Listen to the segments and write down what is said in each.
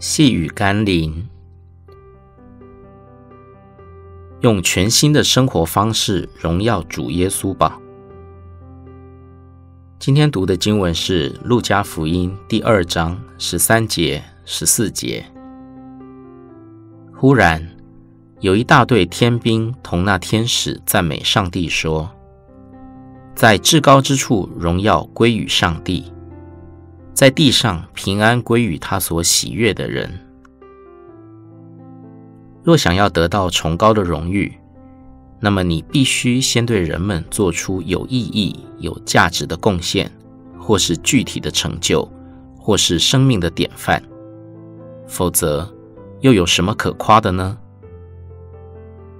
細語甘霖，用全新的生活方式榮耀主耶穌吧。今天讀的經文是《路加福音》第二章十三節、十四節。忽然有一大隊天兵同那天使讚美上帝，說：“在至高之處榮耀歸與上帝。”在地上平安歸於他所喜悅的人。若想要得到崇高的榮譽，那麼你必須先對人們做出有意義、有價值的貢獻，或是具體的成就，或是生命的典範。否則，又有什麼可誇的呢？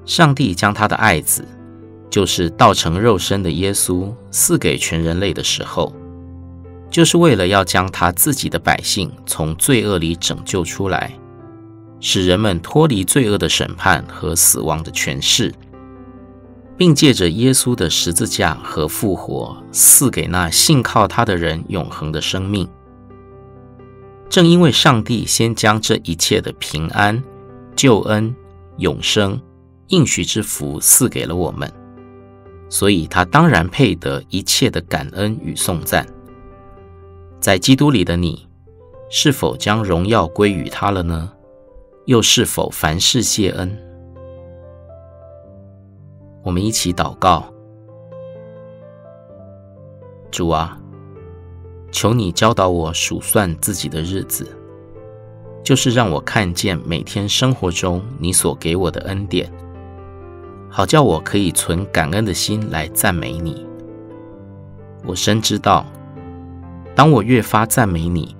上帝將他的愛子，就是道成肉身的耶穌，賜給全人類的時候。就是為了要將他自己的百姓從罪惡裡拯救出來，使人們脫離罪惡的審判和死亡的權勢，並借着耶穌的十字架和復活，賜給那信靠他的人永恆的生命。正因為上帝先將這一切的平安、救恩、永生、應許之福賜給了我們，所以他當然配得一切的感恩與頌讚。在基督裡的你，是否將榮耀歸與他了呢？又是否凡事謝恩？我們一起禱告：主啊，求你教導我數算自己的日子，就是讓我看見每天生活中你所給我的恩典，好叫我可以存感恩的心來讚美你。我深知道。當我越發讚美你，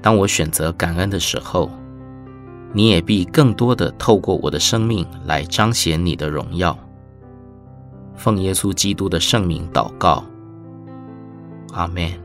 當我選擇感恩的時候，你也必更多地透過我的生命來彰顯你的榮耀。奉耶穌基督的聖名禱告，阿門。